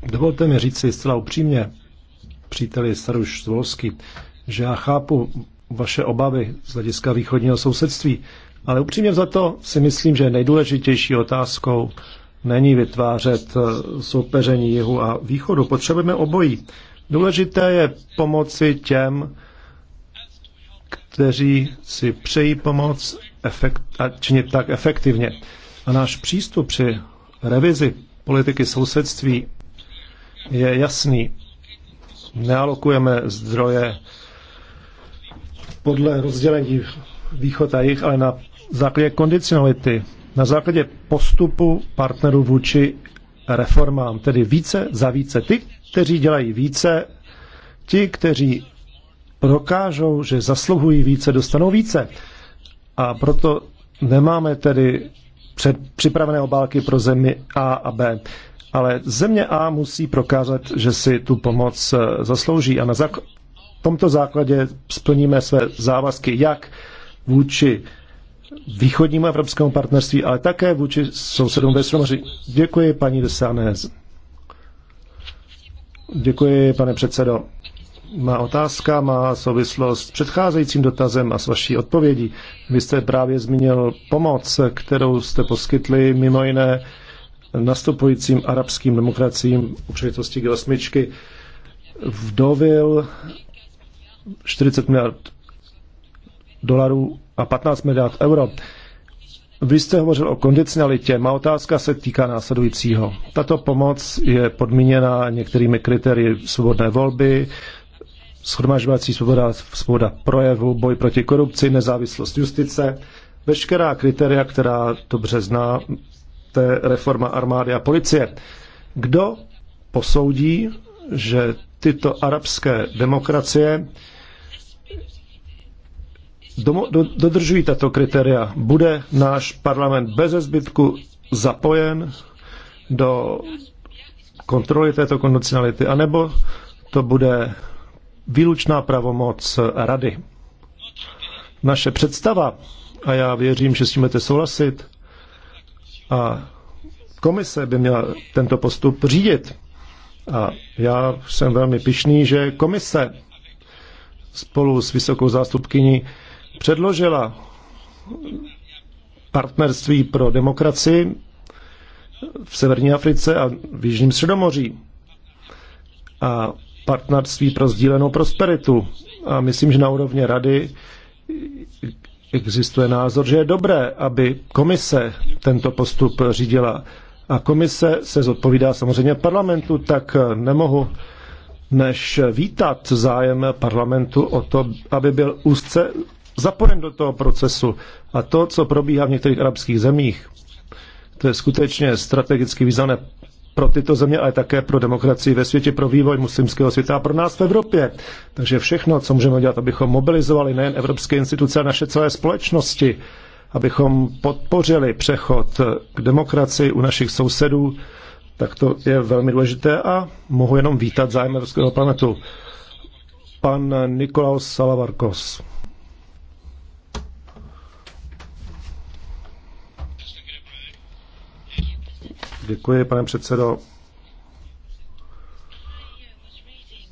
[SPEAKER 2] Dovolte mi si zcela upřímně, příteli Staruš Zvolsky, že já chápu vaše obavy z hlediska východního sousedství, ale upřímně za to si myslím, že nejdůležitější otázkou není vytvářet eh, soupeření jihu a východu. Potřebujeme obojí. Důležité je pomoci těm, kteří si přejí pomoc efekt, a činit tak efektivně. A náš přístup při revizi politiky sousedství je jasný nealokujeme zdroje podle rozdělení východ a jich, ale na základě kondicionality, na základě postupu partnerů vůči reformám, tedy více za více. Ty, kteří dělají více, ti, kteří prokážou, že zasluhují více, dostanou více. A proto nemáme tedy před připravené obálky pro zemi A a B ale země A musí prokázat, že si tu pomoc eh, zaslouží a na zák- tomto základě splníme své závazky jak vůči východnímu evropskému partnerství, ale také vůči sousedům ve Sromoři. Děkuji, paní Desanez. Děkuji, pane předsedo. Má otázka má souvislost s předcházejícím dotazem a s vaší odpovědí. Vy jste právě zmínil pomoc, kterou jste poskytli mimo jiné nastupujícím arabským demokracím u příležitosti G8 vdovil 40 miliard dolarů a 15 miliard euro. Vy jste hovořil o kondicionalitě. Má otázka se týká následujícího. Tato pomoc je podmíněna některými kritérii svobodné volby, schromažďovací svoboda, svoboda projevu, boj proti korupci, nezávislost justice, veškerá kritéria, která dobře zná to je reforma armády a policie. Kdo posoudí, že tyto arabské demokracie dodržují tato kritéria? Bude náš parlament bez zbytku zapojen do kontroly této kondicionality, anebo to bude výlučná pravomoc rady. Naše představa, a já věřím, že s tím budete souhlasit, a komise by měla tento postup řídit. A já jsem velmi pišný, že komise spolu s vysokou zástupkyní předložila partnerství pro demokracii v Severní Africe a v Jižním Středomoří a partnerství pro sdílenou prosperitu. A myslím, že na úrovni rady existuje názor, že je dobré, aby komise tento postup řídila. A komise se zodpovídá samozřejmě parlamentu, tak nemohu než vítat zájem parlamentu o to, aby byl úzce zapojen do toho procesu. A to, co probíhá v některých arabských zemích, to je skutečně strategicky významné pro tyto země, ale také pro demokracii ve světě, pro vývoj muslimského světa a pro nás v Evropě. Takže všechno, co můžeme dělat, abychom mobilizovali nejen evropské instituce a naše celé společnosti, abychom podpořili přechod k demokracii u našich sousedů, tak to je velmi důležité a mohu jenom vítat zájem Evropského planetu. Pan Nikolaus Salavarkos. Děkuji, pane předsedo.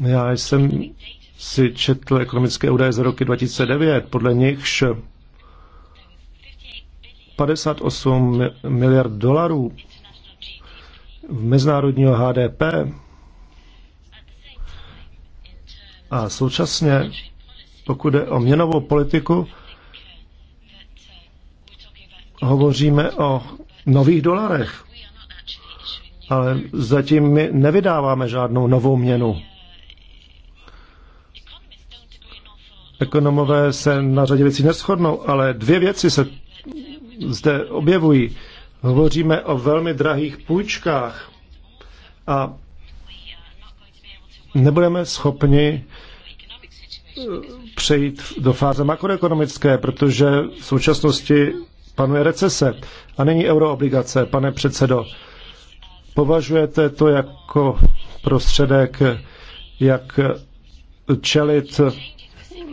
[SPEAKER 2] Já jsem si četl ekonomické údaje za roky 2009, podle nichž 58 miliard dolarů v mezinárodního HDP a současně, pokud jde o měnovou politiku, hovoříme o nových dolarech ale zatím my nevydáváme žádnou novou měnu. Ekonomové se na řadě věcí neschodnou, ale dvě věci se zde objevují. Hovoříme o velmi drahých půjčkách a nebudeme schopni eh, přejít do fáze makroekonomické, protože v současnosti panuje recese. A není euroobligace, pane předsedo. Považujete to jako prostředek, jak čelit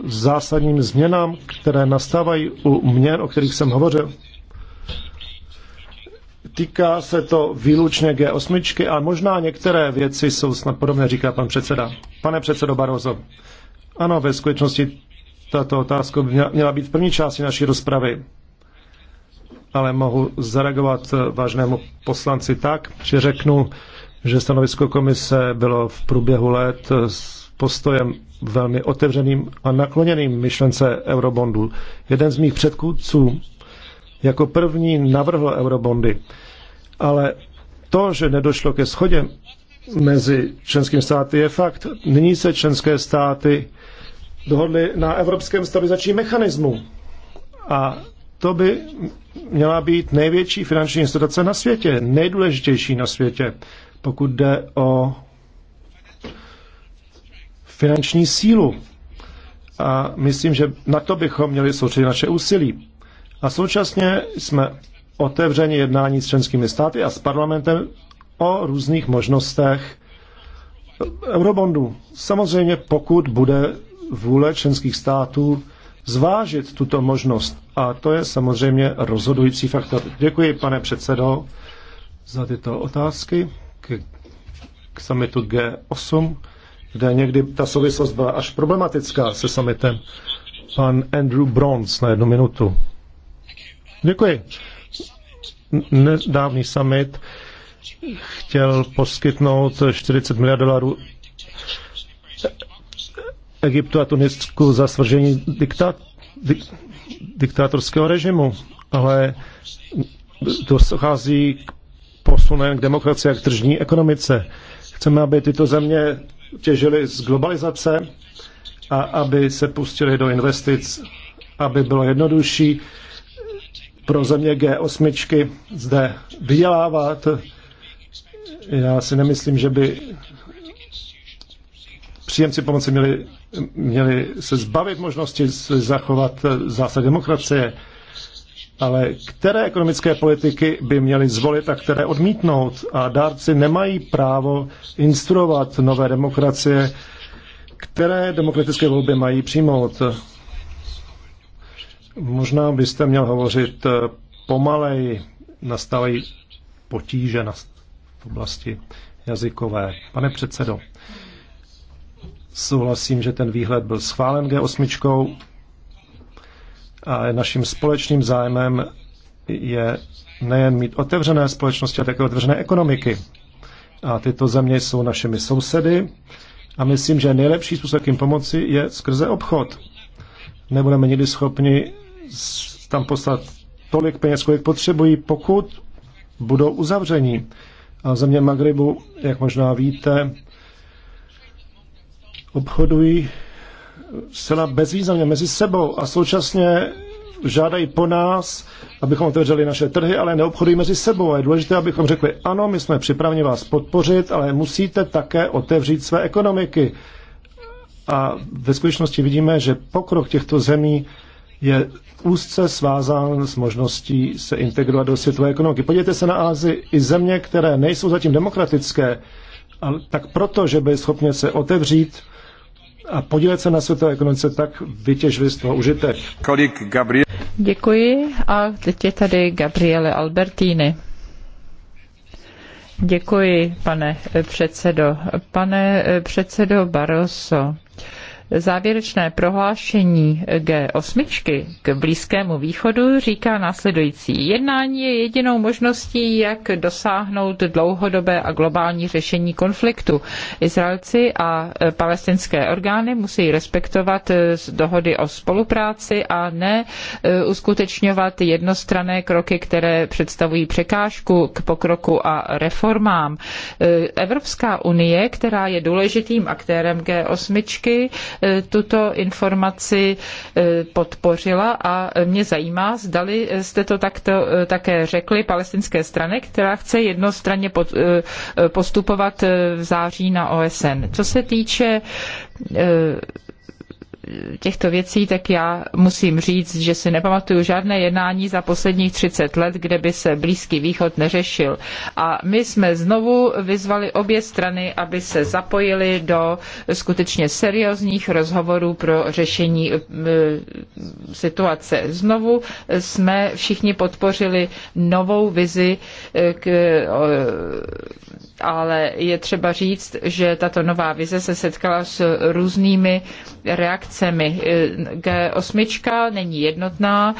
[SPEAKER 2] zásadním změnám, které nastávají u měn, o kterých jsem hovořil? Týká se to výlučně G8 a možná některé věci jsou snad podobné, říká pan předseda. Pane předsedo Barozo, ano, ve skutečnosti tato otázka měla být v první části naší rozpravy ale mohu zareagovat vážnému poslanci tak, že řeknu, že stanovisko komise bylo v průběhu let s postojem velmi otevřeným a nakloněným myšlence eurobondů. Jeden z mých předchůdců jako první navrhl eurobondy, ale to, že nedošlo ke schodě mezi členským státy, je fakt. Nyní se členské státy dohodly na evropském stabilizačním mechanismu a to by měla být největší finanční instituce na světě, nejdůležitější na světě, pokud jde o finanční sílu. A myslím, že na to bychom měli soustředit naše úsilí. A současně jsme otevřeni jednání s členskými státy a s parlamentem o různých možnostech eurobondů. Samozřejmě pokud bude vůle členských států zvážit tuto možnost. A to je samozřejmě rozhodující faktor. Děkuji, pane předsedo, za tyto otázky k, k summitu G8, kde někdy ta souvislost byla až problematická se summitem. Pan Andrew Brons na jednu minutu. Děkuji. Nedávný summit chtěl poskytnout 40 miliard dolarů Egyptu a Tunisku za svržení dikta, dik, diktátorského režimu, ale dochází k posunem k demokracii a k tržní ekonomice. Chceme, aby tyto země těžily z globalizace a aby se pustili do investic, aby bylo jednodušší pro země G8 zde vydělávat. Já si nemyslím, že by příjemci pomoci měli, měli se zbavit možnosti zachovat zásad demokracie, ale které ekonomické politiky by měly zvolit a které odmítnout? A dárci nemají právo instruovat nové demokracie, které demokratické volby mají přijmout. Možná byste měl hovořit eh, pomalej, nastávají potíže na v oblasti jazykové. Pane předsedo, Souhlasím, že ten výhled byl schválen G8 a naším společným zájmem je nejen mít otevřené společnosti, ale také otevřené ekonomiky. A tyto země jsou našimi sousedy a myslím, že nejlepší způsob, jim pomoci, je skrze obchod. Nebudeme nikdy schopni tam poslat tolik peněz, kolik potřebují, pokud budou uzavření. A země Magribu, jak možná víte, obchodují zcela bezvýznamně mezi sebou a současně žádají po nás, abychom otevřeli naše trhy, ale neobchodují mezi sebou. A je důležité, abychom řekli, ano, my jsme připraveni vás podpořit, ale musíte také otevřít své ekonomiky. A ve skutečnosti vidíme, že pokrok těchto zemí je úzce svázán s možností se integrovat do světové ekonomiky. Podívejte se na Ázii, i země, které nejsou zatím demokratické, ale tak proto, že byly schopně se otevřít, a podílet se na světové ekonomice, tak vytěžili z toho užitek.
[SPEAKER 4] Kolik Gabriel...
[SPEAKER 3] Děkuji a teď je tady Gabriele Albertini. Děkuji, pane předsedo. Pane předsedo Barroso, závěrečné prohlášení G8 k Blízkému východu říká následující. Jednání je jedinou možností, jak dosáhnout dlouhodobé a globální řešení konfliktu. Izraelci a e, palestinské orgány musí respektovat e, dohody o spolupráci a ne e, uskutečňovat jednostranné kroky, které představují překážku k pokroku a reformám. Evropská unie, která je důležitým aktérem G8, E, tuto informaci e, podpořila a mě zajímá, zdali jste to takto e, také řekli palestinské strany, která chce jednostranně postupovat v září na OSN. Co se týče těchto věcí, tak já musím říct, že si nepamatuju žádné jednání za posledních 30 let, kde by se Blízký východ neřešil. A my jsme znovu vyzvali obě strany, aby se zapojili do skutečně seriózních rozhovorů pro řešení e, situace. Znovu jsme všichni podpořili novou vizi e, k e, ale je třeba říct, že tato nová vize se setkala s různými reakcemi. G8 není jednotná,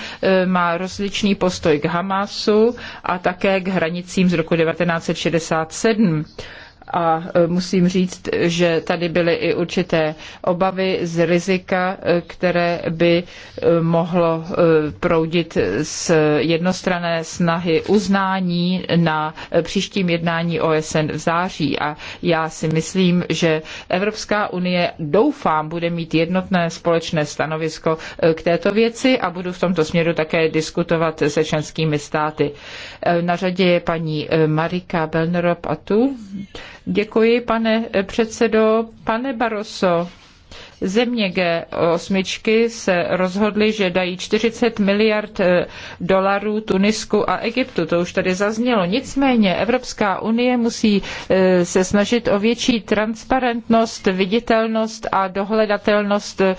[SPEAKER 3] má rozličný postoj k Hamasu a také k hranicím z roku 1967 a e, musím říct, že tady byly i určité obavy z rizika, e, které by e, mohlo proudit z jednostrané snahy uznání na příštím jednání OSN v září. A já si myslím, že Evropská unie doufám bude mít jednotné společné stanovisko k této věci a budu v tomto směru také diskutovat se členskými státy. Na řadě je paní Marika Belnerop a tu. Děkuji, pane předsedo. Pane Barroso, Země G8 se rozhodly, že dají 40 miliard eh, dolarů Tunisku a Egyptu. To už tady zaznělo. Nicméně Evropská unie musí eh, se snažit o větší transparentnost, viditelnost a dohledatelnost eh,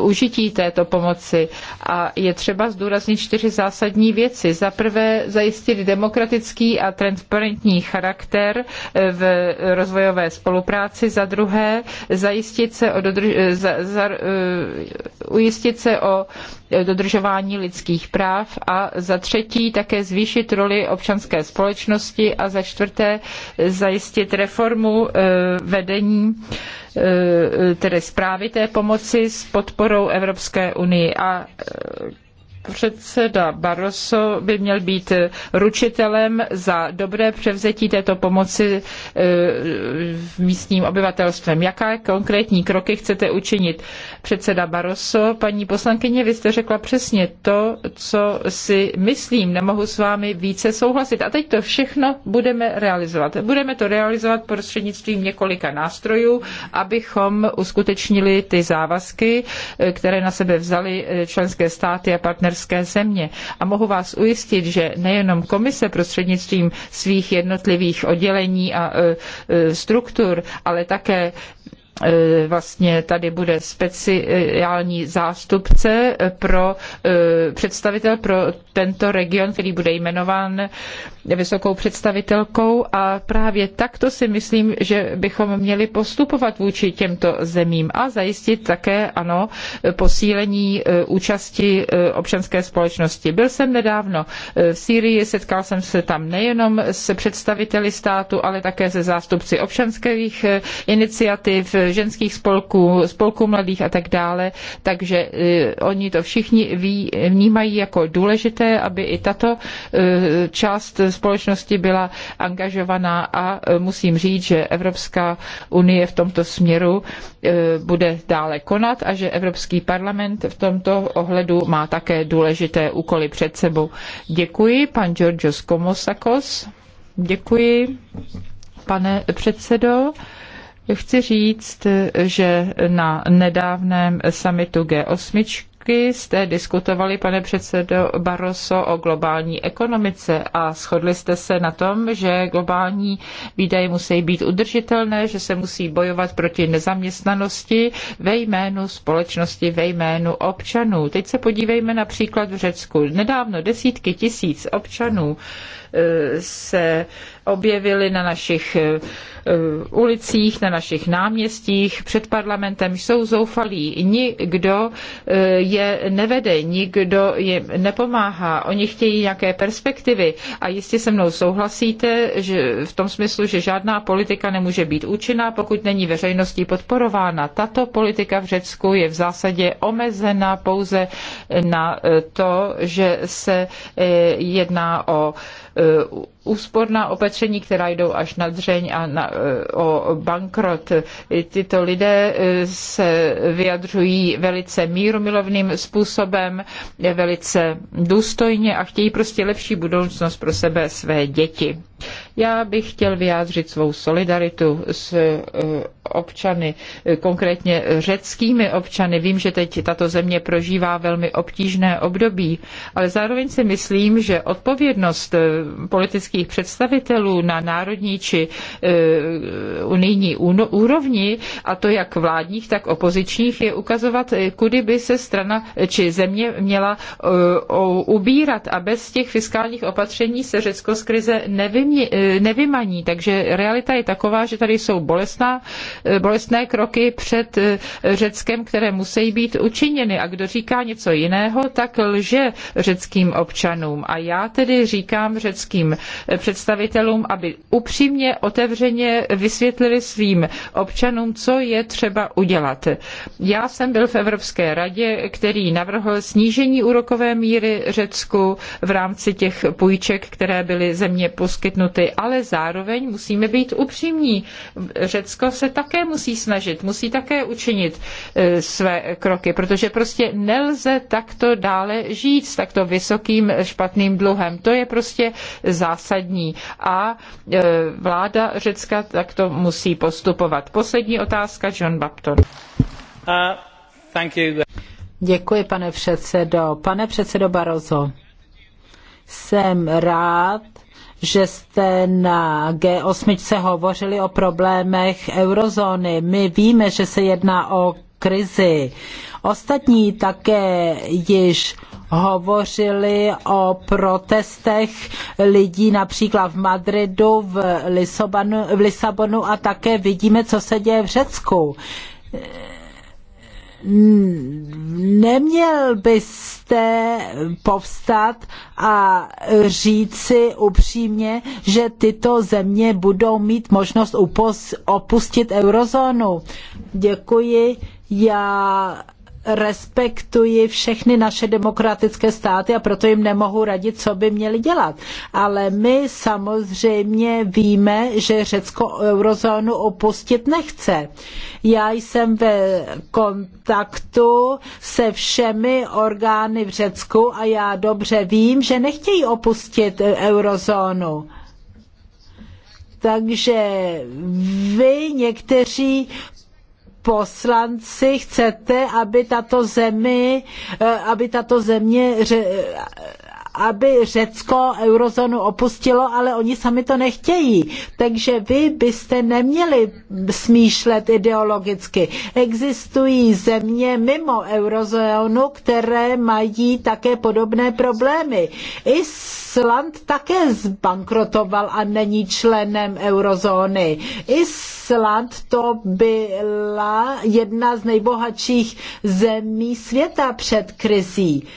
[SPEAKER 3] užití této pomoci. A je třeba zdůraznit čtyři zásadní věci. Za prvé zajistit demokratický a transparentní charakter v rozvojové spolupráci. Za druhé zajistit se o dodrž- za, za, eh, ujistit se o dodržování lidských práv a za třetí také zvýšit roli občanské společnosti a za čtvrté zajistit reformu eh, vedení eh, tedy zprávy té pomoci s podporou Evropské unie. A předseda Barroso by měl být eh, ručitelem za dobré převzetí této pomoci eh, v místním obyvatelstvem. Jaké konkrétní kroky chcete učinit? Předseda Barroso, paní poslankyně, vy jste řekla přesně to, co si myslím. Nemohu s vámi více souhlasit. A teď to všechno budeme realizovat. Budeme to realizovat prostřednictvím několika nástrojů, abychom uskutečnili ty závazky, eh, které na sebe vzaly členské státy a partnerské partnerské země. A mohu vás ujistit, že nejenom komise prostřednictvím svých jednotlivých oddělení a e, e, struktur, ale také E, vlastně tady bude speciální zástupce pro e, představitel pro tento region, který bude jmenován vysokou představitelkou a právě takto si myslím, že bychom měli postupovat vůči těmto zemím a zajistit také, ano, posílení e, účasti občanské společnosti. Byl jsem nedávno v Sýrii, setkal jsem se tam nejenom s představiteli státu, ale také se zástupci občanských iniciativ, ženských spolků, spolků mladých a tak dále. Takže e, oni to všichni ví, vnímají jako důležité, aby i tato e, část společnosti byla angažovaná a e, musím říct, že Evropská unie v tomto směru bude dále konat a že Evropský parlament v tomto ohledu má také důležité úkoly před sebou. Děkuji, pan Georgios Komosakos. Děkuji, pane předsedo. Chci říct, že na nedávném summitu G8 jste diskutovali, pane předsedo Barroso, o globální ekonomice a shodli jste se na tom, že globální výdaje musí být udržitelné, že se musí bojovat proti nezaměstnanosti ve jménu společnosti, ve jménu občanů. Teď se podívejme například v Řecku. Nedávno desítky tisíc občanů eh, se objevily na našich eh, eh, ulicích, na našich náměstích, před parlamentem, jsou zoufalí. Nikdo eh, je nevede, nikdo jim nepomáhá. Oni chtějí nějaké perspektivy a jistě se mnou souhlasíte že v tom smyslu, že žádná politika nemůže být účinná, pokud není veřejností podporována. Tato politika v Řecku je v zásadě omezena pouze na to, že se jedná o úsporná opatření, která jdou až na dřeň a na, e, o bankrot. Tyto lidé e, se vyjadřují velice mírumilovným způsobem, velice důstojně a chtějí prostě lepší budoucnost pro sebe své děti. Já bych chtěl vyjádřit svou solidaritu s e, občany, konkrétně řeckými občany. Vím, že teď tato země prožívá velmi obtížné období, ale zároveň si myslím, že odpovědnost politických politických představitelů na národní či e, unijní úrovni, a to jak vládních, tak opozičních, je ukazovat, e, kudy by se strana e, či země měla ubírat. A bez těch fiskálních opatření se Řecko z krize nevymě, nevymaní. Takže realita je taková, že tady jsou bolestná, bolestné kroky před Řeckem, které musí být učiněny. A kdo říká něco jiného, tak lže řeckým občanům. A já tedy říkám řeckým představitelům, aby upřímně, otevřeně vysvětlili svým občanům, co je třeba udělat. Já jsem byl v Evropské radě, který navrhl snížení úrokové míry Řecku v rámci těch půjček, které byly země poskytnuty, ale zároveň musíme být upřímní. Řecko se také musí snažit, musí také učinit e, své kroky, protože prostě nelze takto dále žít s takto vysokým špatným dluhem. To je prostě zásadní zásadní a e, vláda Řecka takto musí postupovat. Poslední otázka, John Bapton. Uh,
[SPEAKER 1] thank you. Děkuji, pane předsedo. Pane předsedo Barozo, jsem rád, že jste na G8 hovořili o problémech eurozóny. My víme, že se jedná o krizi. Ostatní také již hovořili o protestech lidí například v Madridu, v, Lisobanu, v Lisabonu a také vidíme, co se děje v Řecku neměl byste povstat a říci upřímně, že tyto země budou mít možnost opustit eurozónu. Děkuji. Já respektuji všechny naše demokratické státy a proto jim nemohu radit, co by měli dělat. Ale my samozřejmě víme, že Řecko eurozónu opustit nechce. Já jsem ve kontaktu se všemi orgány v Řecku a já dobře vím, že nechtějí opustit eurozónu takže vy někteří poslanci chcete, aby tato zemi, eh, aby tato země aby Řecko eurozónu opustilo, ale oni sami to nechtějí. Takže vy byste neměli smýšlet ideologicky. Existují země mimo eurozónu, které mají také podobné problémy. Island také zbankrotoval a není členem eurozóny. Island to byla jedna z nejbohatších zemí světa před krizí.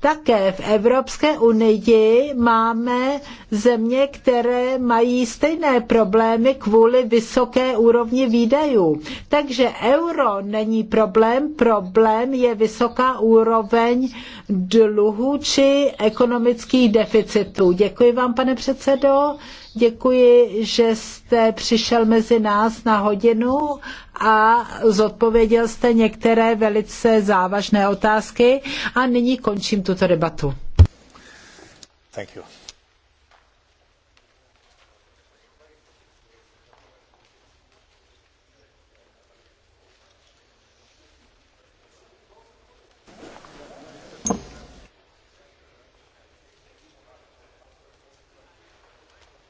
[SPEAKER 1] Také v Evropské unii máme země, které mají stejné problémy kvůli vysoké úrovni výdajů. Takže euro není problém, problém je vysoká úroveň dluhu či ekonomických deficitů. Děkuji vám, pane předsedo. Děkuji, že jste přišel mezi nás na hodinu a zodpověděl jste některé velice závažné otázky a nyní končím tuto debatu.
[SPEAKER 2] Thank you.